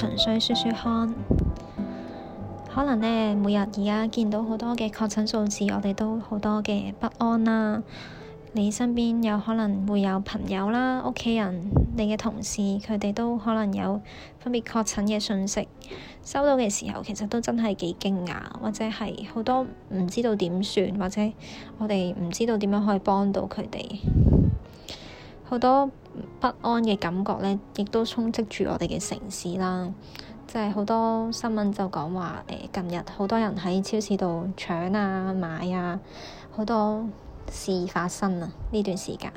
純粹說說看，可能呢每日而家見到好多嘅確診數字，我哋都好多嘅不安啦。你身邊有可能會有朋友啦、屋企人、你嘅同事，佢哋都可能有分別確診嘅訊息，收到嘅時候其實都真係幾驚訝，或者係好多唔知道點算，或者我哋唔知道點樣可以幫到佢哋。好多不安嘅感覺咧，亦都充斥住我哋嘅城市啦。即係好多新聞就講話誒，近日好多人喺超市度搶啊買啊，好多事發生啊，呢段時間。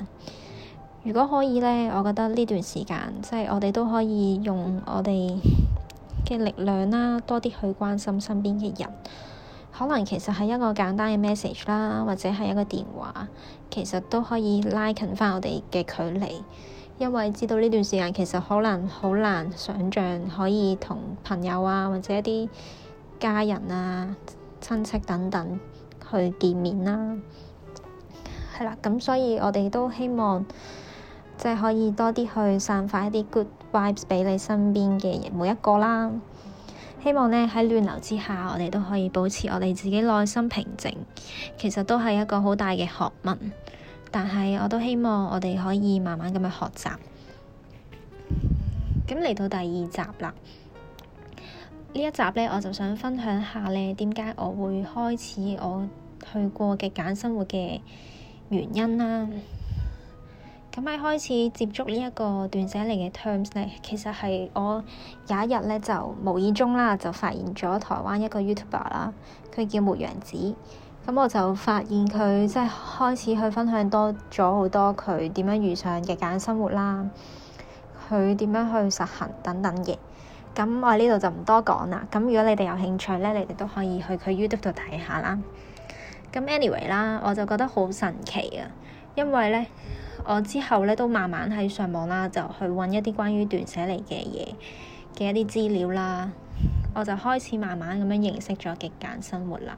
如果可以咧，我覺得呢段時間即係我哋都可以用我哋嘅力量啦，多啲去關心身邊嘅人。可能其實係一個簡單嘅 message 啦，或者係一個電話，其實都可以拉近翻我哋嘅距離。因為知道呢段時間其實可能好難想像可以同朋友啊，或者一啲家人啊、親戚等等去見面啦。係啦，咁所以我哋都希望即係可以多啲去散發一啲 good vibes 俾你身邊嘅人，每一個啦。希望呢喺亂流之下，我哋都可以保持我哋自己內心平靜。其實都係一個好大嘅學問，但係我都希望我哋可以慢慢咁去學習。咁嚟到第二集啦，呢一集呢，我就想分享下呢點解我會開始我去過嘅極簡生活嘅原因啦。咁喺開始接觸呢一個斷捨離嘅 terms 咧，其實係我有一日咧就無意中啦，就發現咗台灣一個 YouTuber 啦，佢叫牧羊子。咁我就發現佢即係開始去分享多咗好多佢點樣遇上嘅簡生活啦，佢點樣去實行等等嘅。咁我呢度就唔多講啦。咁如果你哋有興趣咧，你哋都可以去佢 YouTube 度睇下啦。咁 anyway 啦，我就覺得好神奇啊，因為咧。我之後咧都慢慢喺上網啦，就去揾一啲關於斷捨離嘅嘢嘅一啲資料啦。我就開始慢慢咁樣認識咗極簡生活啦。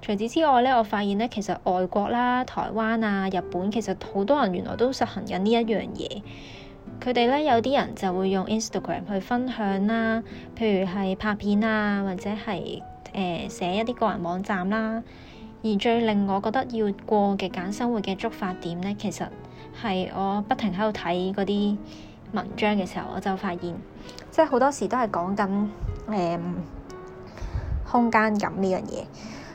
除此之外呢，我發現呢，其實外國啦、台灣啊、日本，其實好多人原來都實行緊呢一樣嘢。佢哋呢，有啲人就會用 Instagram 去分享啦，譬如係拍片啊，或者係誒、呃、寫一啲個人網站啦。而最令我覺得要過極簡生活嘅觸發點呢，其實係我不停喺度睇嗰啲文章嘅時候，我就發現，即係好多時都係講緊誒空間感呢樣嘢。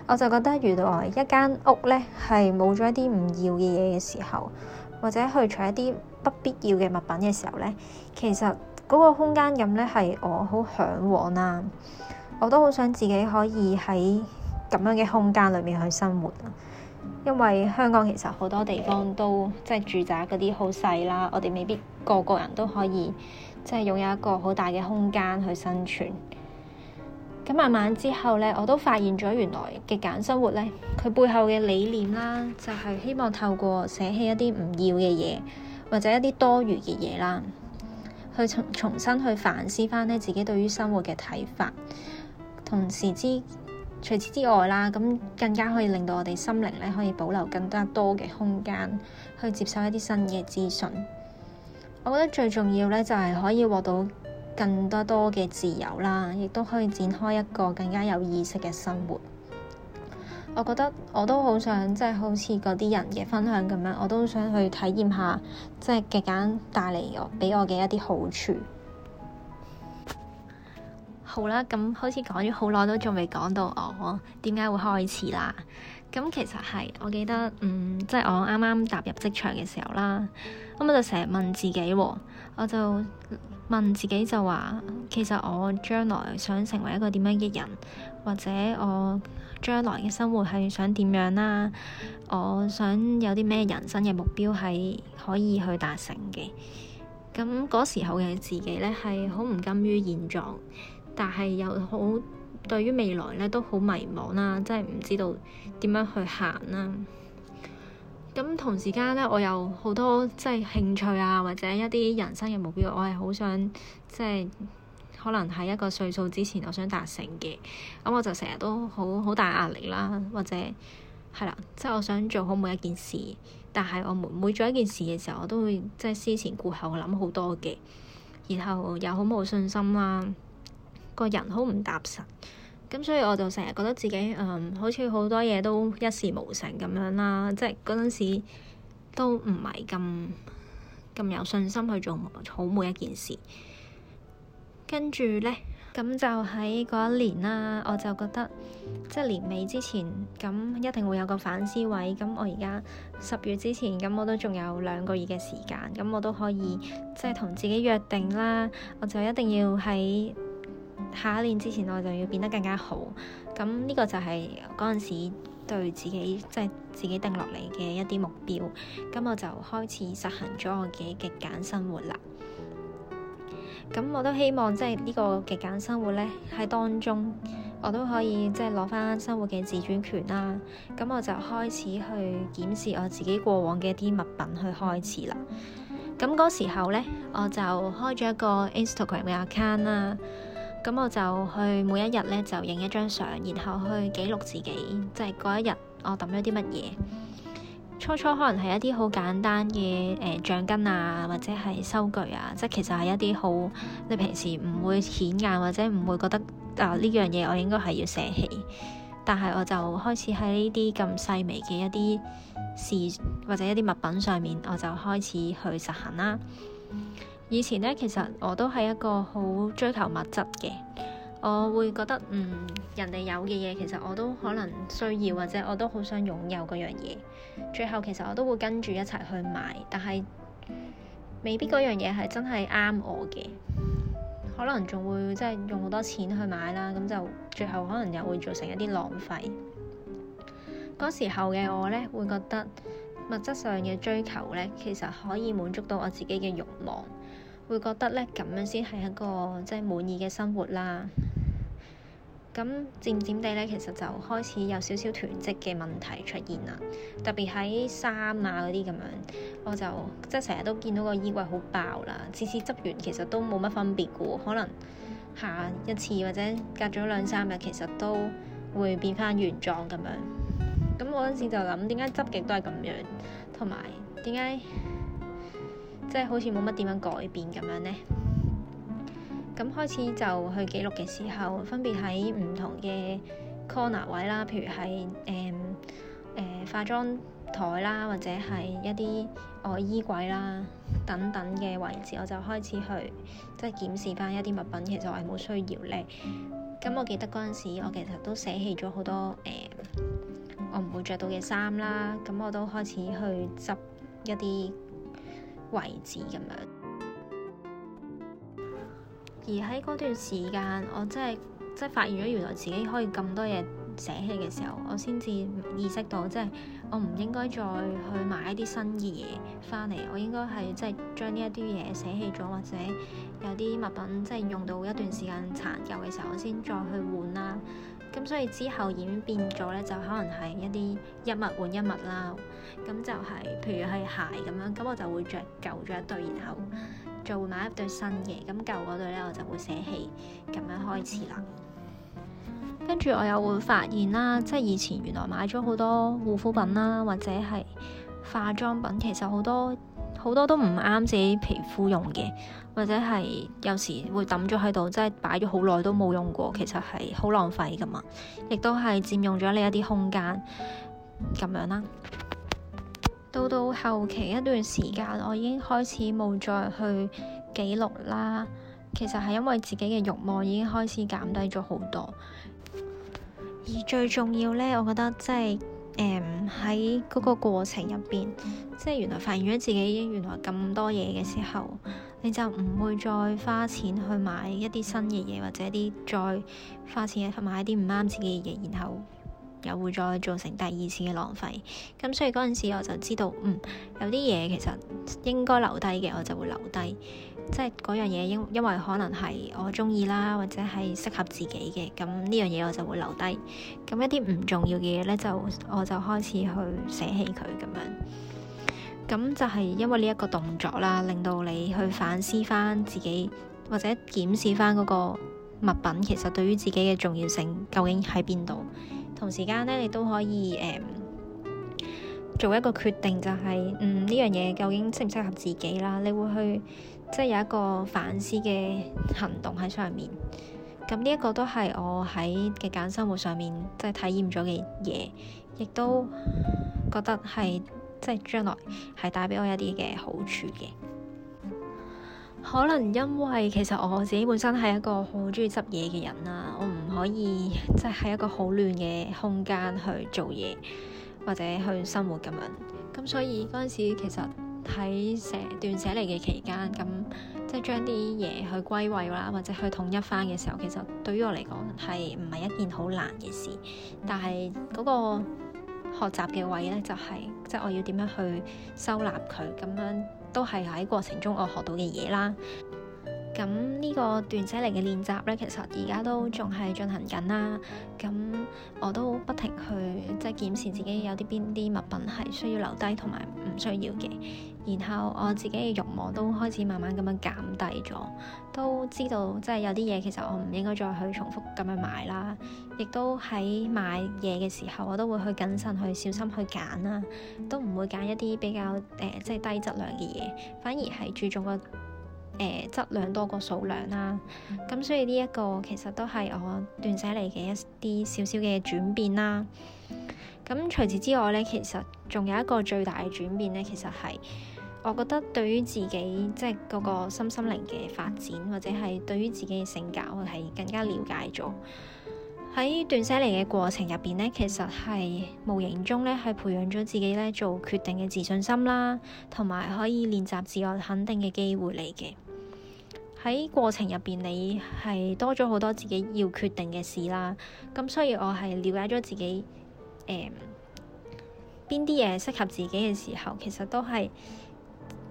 我就覺得，原來一間屋呢，係冇咗一啲唔要嘅嘢嘅時候，或者去除一啲不必要嘅物品嘅時候呢，其實嗰個空間感呢係我好嚮往啦、啊。我都好想自己可以喺。咁樣嘅空間裏面去生活，因為香港其實好多地方都即係住宅嗰啲好細啦。我哋未必個個人都可以即係擁有一個好大嘅空間去生存。咁慢慢之後呢，我都發現咗原來極簡生活呢，佢背後嘅理念啦，就係希望透過捨棄一啲唔要嘅嘢，或者一啲多餘嘅嘢啦，去重重新去反思翻呢自己對於生活嘅睇法，同時之。除此之外啦，咁更加可以令到我哋心靈咧，可以保留更加多嘅空間去接受一啲新嘅資訊。我覺得最重要咧，就係可以獲到更多多嘅自由啦，亦都可以展開一個更加有意識嘅生活。我覺得我都、就是、好想即係好似嗰啲人嘅分享咁樣，我都想去體驗下即係極簡帶嚟我俾我嘅一啲好處。好啦，咁好似講咗好耐，都仲未講到我點解會開始啦。咁其實係我記得，嗯，即係我啱啱踏入職場嘅時候啦，咁我就成日問自己，我就問自己就話，其實我將來想成為一個點樣嘅人，或者我將來嘅生活係想點樣啦？我想有啲咩人生嘅目標係可以去達成嘅。咁嗰時候嘅自己呢，係好唔甘於現狀。但係又好，對於未來咧都好迷茫啦，即係唔知道點樣去行啦。咁同時間咧，我有好多即係興趣啊，或者一啲人生嘅目標，我係好想即係可能喺一個歲數之前，我想達成嘅。咁我就成日都好好大壓力啦，或者係啦，即係我想做好每一件事。但係我每每做一件事嘅時候，我都會即係思前顧後諗好多嘅，然後又好冇信心啦。個人好唔踏實，咁所以我就成日覺得自己誒、嗯，好似好多嘢都一事無成咁樣啦。即係嗰陣時都唔係咁咁有信心去做好每一件事。跟住呢，咁就喺嗰一年啦，我就覺得即係、就是、年尾之前咁一定會有個反思位。咁我而家十月之前咁，我都仲有兩個月嘅時間，咁我都可以即係同自己約定啦。我就一定要喺～下一年之前，我就要變得更加好。咁呢個就係嗰陣時對自己即係、就是、自己定落嚟嘅一啲目標。咁我就開始實行咗我嘅極簡生活啦。咁我都希望即係呢個極簡生活呢喺當中我都可以即係攞翻生活嘅自主權啦、啊。咁我就開始去檢視我自己過往嘅一啲物品去開始啦。咁嗰時候呢，我就開咗一個 Instagram 嘅 account 啦、啊。咁我就去每一日咧就影一張相，然後去記錄自己，即係嗰一日我抌咗啲乜嘢。初初可能係一啲好簡單嘅誒帳根啊，或者係收據啊，即係其實係一啲好你平時唔會顯眼或者唔會覺得啊呢樣嘢我應該係要寫起，但係我就開始喺呢啲咁細微嘅一啲事或者一啲物品上面，我就開始去實行啦。以前咧，其實我都係一個好追求物質嘅。我會覺得，嗯，人哋有嘅嘢，其實我都可能需要，或者我都好想擁有嗰樣嘢。最後其實我都會跟住一齊去買，但係未必嗰樣嘢係真係啱我嘅。可能仲會即係用好多錢去買啦，咁就最後可能又會造成一啲浪費。嗰時候嘅我呢，會覺得物質上嘅追求呢，其實可以滿足到我自己嘅慾望。會覺得咧，咁樣先係一個即係滿意嘅生活啦。咁 漸漸地咧，其實就開始有少少囤積嘅問題出現啦。特別喺衫啊、嗰啲咁樣，我就即係成日都見到個衣櫃好爆啦。次次執完其實都冇乜分別嘅喎，可能下一次或者隔咗兩三日，其實都會變返原狀咁樣。咁我嗰陣時就諗，點解執極都係咁樣，同埋點解？即係好似冇乜點樣改變咁樣呢。咁開始就去記錄嘅時候，分別喺唔同嘅 corner 位啦，譬如係誒誒化妝台啦，或者係一啲我衣櫃啦等等嘅位置，我就開始去即係、就是、檢視返一啲物品，其實我係冇需要咧。咁我記得嗰陣時，我其實都捨棄咗好多誒、嗯，我唔會着到嘅衫啦。咁我都開始去執一啲。位置咁樣，而喺嗰段時間，我真係即係發現咗原來自己可以咁多嘢寫起嘅時候，我先至意識到即係，真我唔應該再去買一啲新嘅嘢翻嚟，我應該係即係將呢一啲嘢捨棄咗，或者有啲物品即係用到一段時間殘舊嘅時候，我先再去換啦。咁所以之後演變咗呢，就可能係一啲一物換一物啦。咁就係、是、譬如係鞋咁樣，咁我就會着舊咗一對，然後再買一對新嘅。咁舊嗰對呢，我就會捨棄咁樣開始啦。跟住我又會發現啦，即係以前原來買咗好多護膚品啦，或者係化妝品，其實好多好多都唔啱自己皮膚用嘅，或者係有時會抌咗喺度，即係擺咗好耐都冇用過，其實係好浪費㗎嘛，亦都係佔用咗你一啲空間咁樣啦。到到後期一段時間，我已經開始冇再去記錄啦。其實係因為自己嘅慾望已經開始減低咗好多，而最重要呢，我覺得即係喺嗰個過程入邊，即係原來發現咗自己原來咁多嘢嘅時候，你就唔會再花錢去買一啲新嘅嘢，或者啲再花錢去買一啲唔啱自己嘅嘢，然後又會再造成第二次嘅浪費。咁所以嗰陣時我就知道，嗯，有啲嘢其實應該留低嘅，我就會留低。即係嗰樣嘢，因因為可能係我中意啦，或者係適合自己嘅，咁呢樣嘢我就會留低。咁一啲唔重要嘅嘢呢，就我就開始去捨棄佢咁樣。咁就係因為呢一個動作啦，令到你去反思翻自己，或者檢視翻嗰個物品，其實對於自己嘅重要性究竟喺邊度。同時間呢，你都可以、呃、做一個決定，就係、是、嗯，呢樣嘢究竟適唔適合自己啦。你會去。即係有一個反思嘅行動喺上面，咁呢一個都係我喺極簡生活上面即係體驗咗嘅嘢，亦都覺得係即係將來係帶俾我一啲嘅好處嘅。可能因為其實我自己本身係一個好鍾意執嘢嘅人啦，我唔可以即係喺一個好亂嘅空間去做嘢或者去生活咁樣，咁所以嗰陣時其實。喺斷捨離嚟嘅期間，咁即係將啲嘢去歸位啦，或者去統一返嘅時候，其實對於我嚟講係唔係一件好難嘅事。但係嗰個學習嘅位呢，就係、是、即係我要點樣去收納佢，咁樣都係喺過程中我學到嘅嘢啦。咁呢個段仔嚟嘅練習呢，其實而家都仲係進行緊啦、啊。咁我都不停去即係、就是、檢視自己有啲邊啲物品係需要留低同埋唔需要嘅。然後我自己嘅慾望都開始慢慢咁樣減低咗，都知道即係、就是、有啲嘢其實我唔應該再去重複咁樣買啦。亦都喺買嘢嘅時候，我都會去謹慎去小心去揀啦、啊，都唔會揀一啲比較誒即係低質量嘅嘢，反而係注重個誒、呃、質量多過數量啦，咁所以呢一個其實都係我斷捨離嘅一啲少少嘅轉變啦。咁除此之外呢，其實仲有一個最大嘅轉變呢，其實係我覺得對於自己即係嗰個心心靈嘅發展，或者係對於自己嘅性格我係更加了解咗。喺斷捨離嘅過程入邊呢，其實係無形中呢，係培養咗自己呢做決定嘅自信心啦，同埋可以練習自我肯定嘅機會嚟嘅。喺過程入邊，你係多咗好多自己要決定嘅事啦。咁所以，我係了解咗自己誒邊啲嘢適合自己嘅時候，其實都係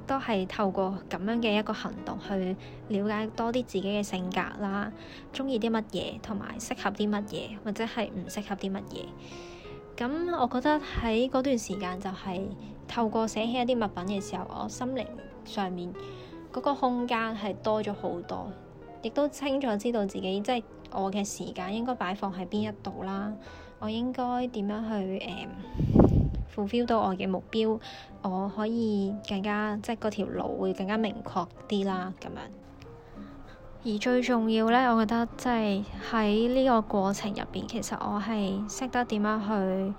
都係透過咁樣嘅一個行動去了解多啲自己嘅性格啦，鍾意啲乜嘢，同埋適合啲乜嘢，或者係唔適合啲乜嘢。咁我覺得喺嗰段時間就係透過寫起一啲物品嘅時候，我心靈上面。嗰個空間係多咗好多，亦都清楚知道自己即係、就是、我嘅時間應該擺放喺邊一度啦。我應該點樣去誒 fulfil 到我嘅目標？我可以更加即係嗰條路會更加明確啲啦。咁樣而最重要呢，我覺得即係喺呢個過程入邊，其實我係識得點樣去。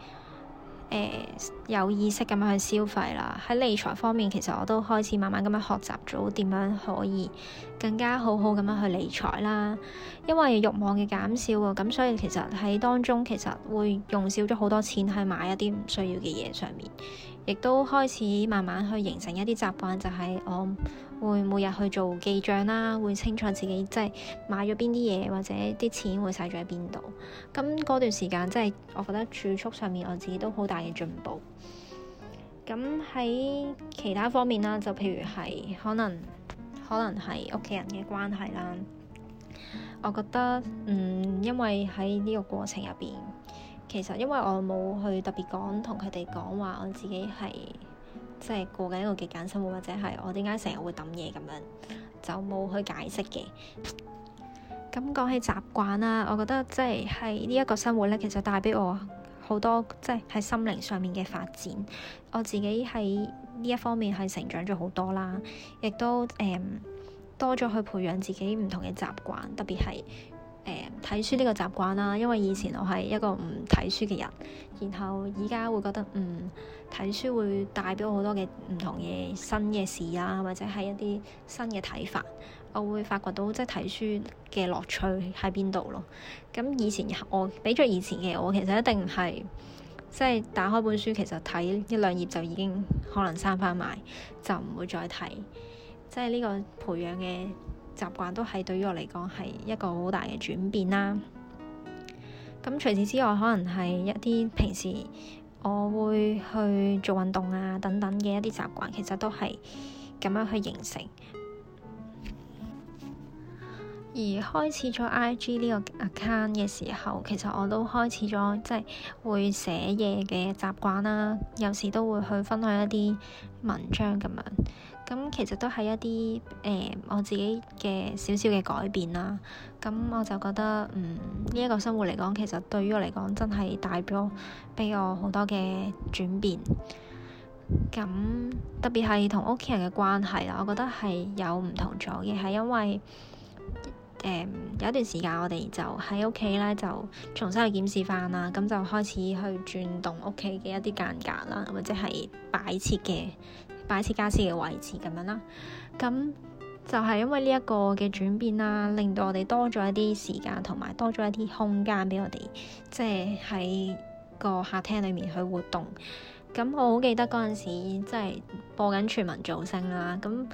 誒、呃、有意識咁樣去消費啦，喺理財方面其實我都開始慢慢咁樣學習咗點樣可以更加好好咁樣去理財啦，因為欲望嘅減少啊、哦，咁所以其實喺當中其實會用少咗好多錢去買一啲唔需要嘅嘢上面。亦都開始慢慢去形成一啲習慣，就係、是、我會每日去做記賬啦，會清楚自己即係、就是、買咗邊啲嘢，或者啲錢會使咗喺邊度。咁嗰段時間真係我覺得儲蓄上面我自己都好大嘅進步。咁喺其他方面啦，就譬如係可能可能係屋企人嘅關係啦，我覺得嗯，因為喺呢個過程入邊。其實因為我冇去特別講同佢哋講話，說說我自己係即係過緊一個極簡生活，或者係我點解成日會抌嘢咁樣，就冇去解釋嘅。咁講起習慣啦，我覺得即係喺呢一個生活咧，其實帶畀我好多，即係喺心靈上面嘅發展。我自己喺呢一方面係成長咗好多啦，亦都誒、嗯、多咗去培養自己唔同嘅習慣，特別係。睇書呢個習慣啦，因為以前我係一個唔睇書嘅人，然後而家會覺得嗯，睇書會帶畀我好多嘅唔同嘅新嘅事呀，或者係一啲新嘅睇法，我會發掘到即係睇書嘅樂趣喺邊度咯。咁以前我比起以前嘅我，其實一定係即係打開本書，其實睇一兩頁就已經可能閂翻埋，就唔會再睇。即係呢個培養嘅。習慣都係對於我嚟講係一個好大嘅轉變啦。咁除此之外，可能係一啲平時我會去做運動啊等等嘅一啲習慣，其實都係咁樣去形成。而開始咗 IG 呢個 account 嘅時候，其實我都開始咗即係會寫嘢嘅習慣啦，有時都會去分享一啲文章咁樣。咁其實都係一啲誒、呃、我自己嘅少少嘅改變啦。咁我就覺得嗯呢一、這個生活嚟講，其實對於我嚟講真係代表俾我好多嘅轉變。咁特別係同屋企人嘅關係啦，我覺得係有唔同咗嘅，係因為誒、呃、有一段時間我哋就喺屋企咧就重新去檢視返啦，咁就開始去轉動屋企嘅一啲間隔啦，或者係擺設嘅。擺設家私嘅位置咁樣啦，咁就係因為呢一個嘅轉變啦，令到我哋多咗一啲時間同埋多咗一啲空間俾我哋，即係喺個客廳裏面去活動。咁我好記得嗰陣時，即係播緊全民造星啦，咁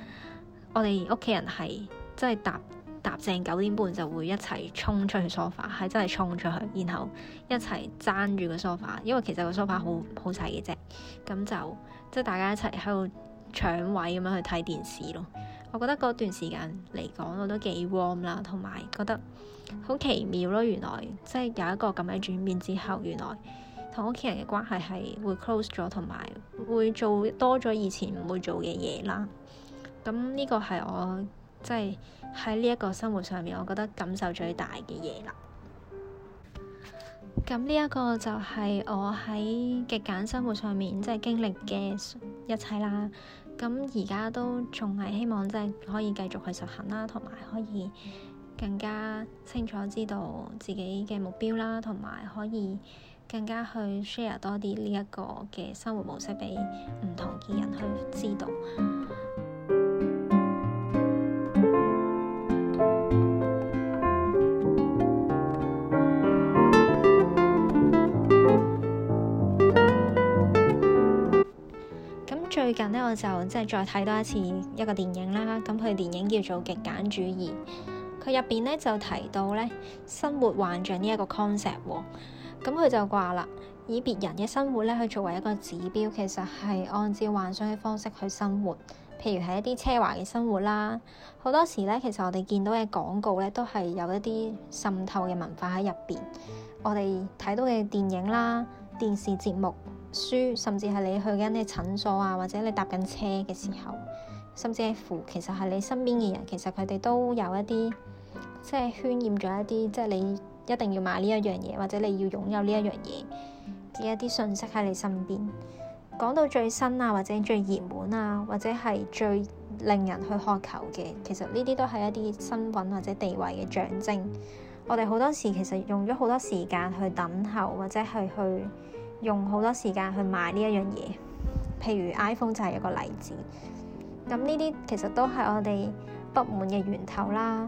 我哋屋企人係真係搭搭正九點半就會一齊衝出去梳化，係真係衝出去，然後一齊爭住個梳化，因為其實個梳化好好細嘅啫，咁就。即係大家一齊喺度搶位咁樣去睇電視咯。我覺得嗰段時間嚟講，我都幾 warm 啦，同埋覺得好奇妙咯。原來即係有一個咁樣轉變之後，原來同屋企人嘅關係係會 close 咗，同埋會做多咗以前唔會做嘅嘢啦。咁呢個係我即係喺呢一個生活上面，我覺得感受最大嘅嘢啦。咁呢一個就係我喺極簡生活上面即係經歷嘅一切啦。咁而家都仲係希望即係可以繼續去實行啦，同埋可以更加清楚知道自己嘅目標啦，同埋可以更加去 share 多啲呢一個嘅生活模式俾唔同嘅人去知道。近咧，我就即係再睇多一次一個電影啦。咁佢電影叫做《極簡主義》，佢入邊咧就提到咧生活幻象呢一個 concept、哦。咁、嗯、佢就話啦，以別人嘅生活咧去作為一個指標，其實係按照幻想嘅方式去生活。譬如係一啲奢華嘅生活啦，好多時咧，其實我哋見到嘅廣告咧都係有一啲滲透嘅文化喺入邊。我哋睇到嘅電影啦。電視節目、書，甚至係你去緊啲診所啊，或者你搭緊車嘅時候，甚至乎其實係你身邊嘅人，其實佢哋都有一啲，即係渲染咗一啲，即係你一定要買呢一樣嘢，或者你要擁有呢一樣嘢嘅一啲信息喺你身邊。講到最新啊，或者最熱門啊，或者係最令人去渴求嘅，其實呢啲都係一啲身份或者地位嘅象徵。我哋好多時其實用咗好多時間去等候，或者係去用好多時間去買呢一樣嘢。譬如 iPhone 就係一個例子。咁呢啲其實都係我哋不滿嘅源頭啦。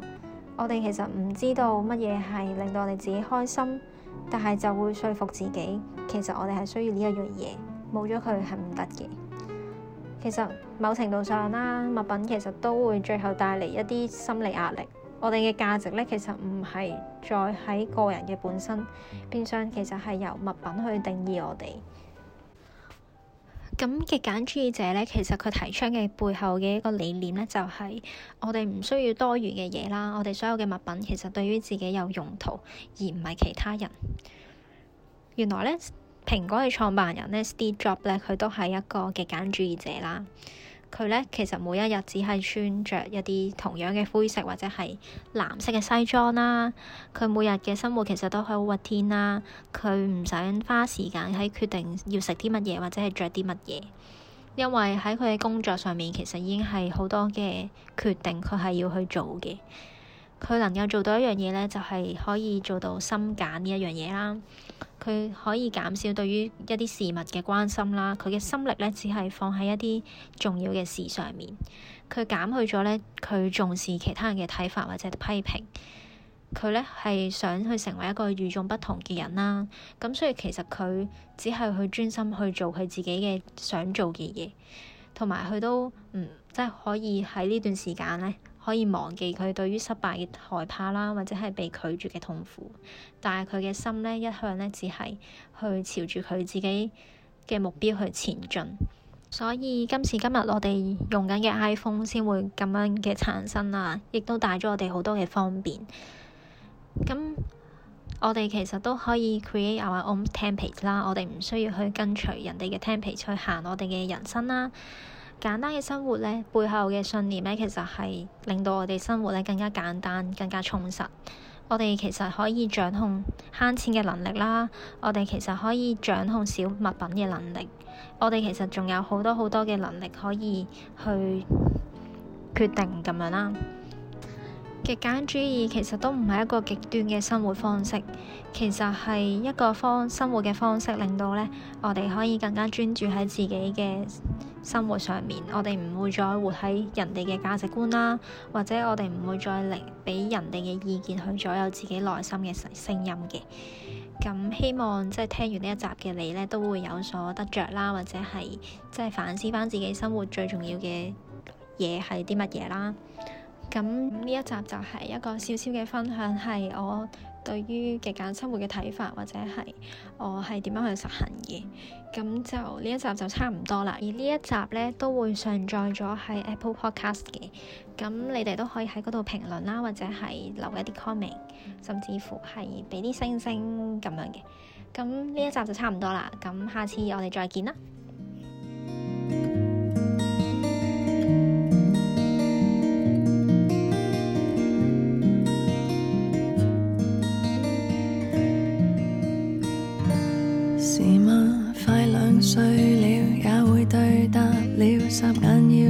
我哋其實唔知道乜嘢係令到我哋自己開心，但係就會說服自己，其實我哋係需要呢一樣嘢，冇咗佢係唔得嘅。其實某程度上啦，物品其實都會最後帶嚟一啲心理壓力。我哋嘅價值咧，其實唔係再喺個人嘅本身，變相其實係由物品去定義我哋。咁極簡主義者咧，其實佢提倡嘅背後嘅一個理念咧，就係、是、我哋唔需要多餘嘅嘢啦。我哋所有嘅物品其實對於自己有用途，而唔係其他人。原來咧，蘋果嘅創辦人咧，Steve Jobs 咧，佢都係一個極簡主義者啦。佢呢，其實每一日只係穿着一啲同樣嘅灰色或者係藍色嘅西裝啦。佢每日嘅生活其實都係好鬱悶啦。佢唔想花時間喺決定要食啲乜嘢或者係着啲乜嘢，因為喺佢嘅工作上面其實已經係好多嘅決定，佢係要去做嘅。佢能夠做到一樣嘢呢，就係可以做到心揀呢一樣嘢啦。佢可以減少對於一啲事物嘅關心啦。佢嘅心力咧，只係放喺一啲重要嘅事上面。佢減去咗咧，佢重視其他人嘅睇法或者批評。佢咧係想去成為一個與眾不同嘅人啦。咁所以其實佢只係去專心去做佢自己嘅想做嘅嘢，同埋佢都唔，即係可以喺呢段時間咧。可以忘記佢對於失敗嘅害怕啦，或者係被拒絕嘅痛苦，但係佢嘅心呢，一向呢，只係去朝住佢自己嘅目標去前進。所以今時今日我哋用緊嘅 iPhone 先會咁樣嘅產生啦，亦都帶咗我哋好多嘅方便。咁我哋其實都可以 create our own template 啦，我哋唔需要去跟隨人哋嘅 template 去行我哋嘅人生啦。簡單嘅生活呢，背後嘅信念呢，其實係令到我哋生活呢更加簡單、更加充實。我哋其實可以掌控慳錢嘅能力啦，我哋其實可以掌控小物品嘅能力，我哋其實仲有好多好多嘅能力可以去決定咁樣啦。極簡主義其實都唔係一個極端嘅生活方式，其實係一個方生活嘅方式，令到呢我哋可以更加專注喺自己嘅生活上面，我哋唔會再活喺人哋嘅價值觀啦，或者我哋唔會再令俾人哋嘅意見去左右自己內心嘅聲音嘅。咁希望即係聽完呢一集嘅你呢，都會有所得着啦，或者係即係反思翻自己生活最重要嘅嘢係啲乜嘢啦。咁呢一集就係一個小小嘅分享，係我對於極簡生活嘅睇法，或者係我係點樣去實行嘅。咁就呢一集就差唔多啦。而呢一集呢，都會上載咗喺 Apple Podcast 嘅。咁你哋都可以喺嗰度評論啦，或者係留一啲 comment，甚至乎係俾啲星星咁樣嘅。咁呢一集就差唔多啦。咁下次我哋再見啦。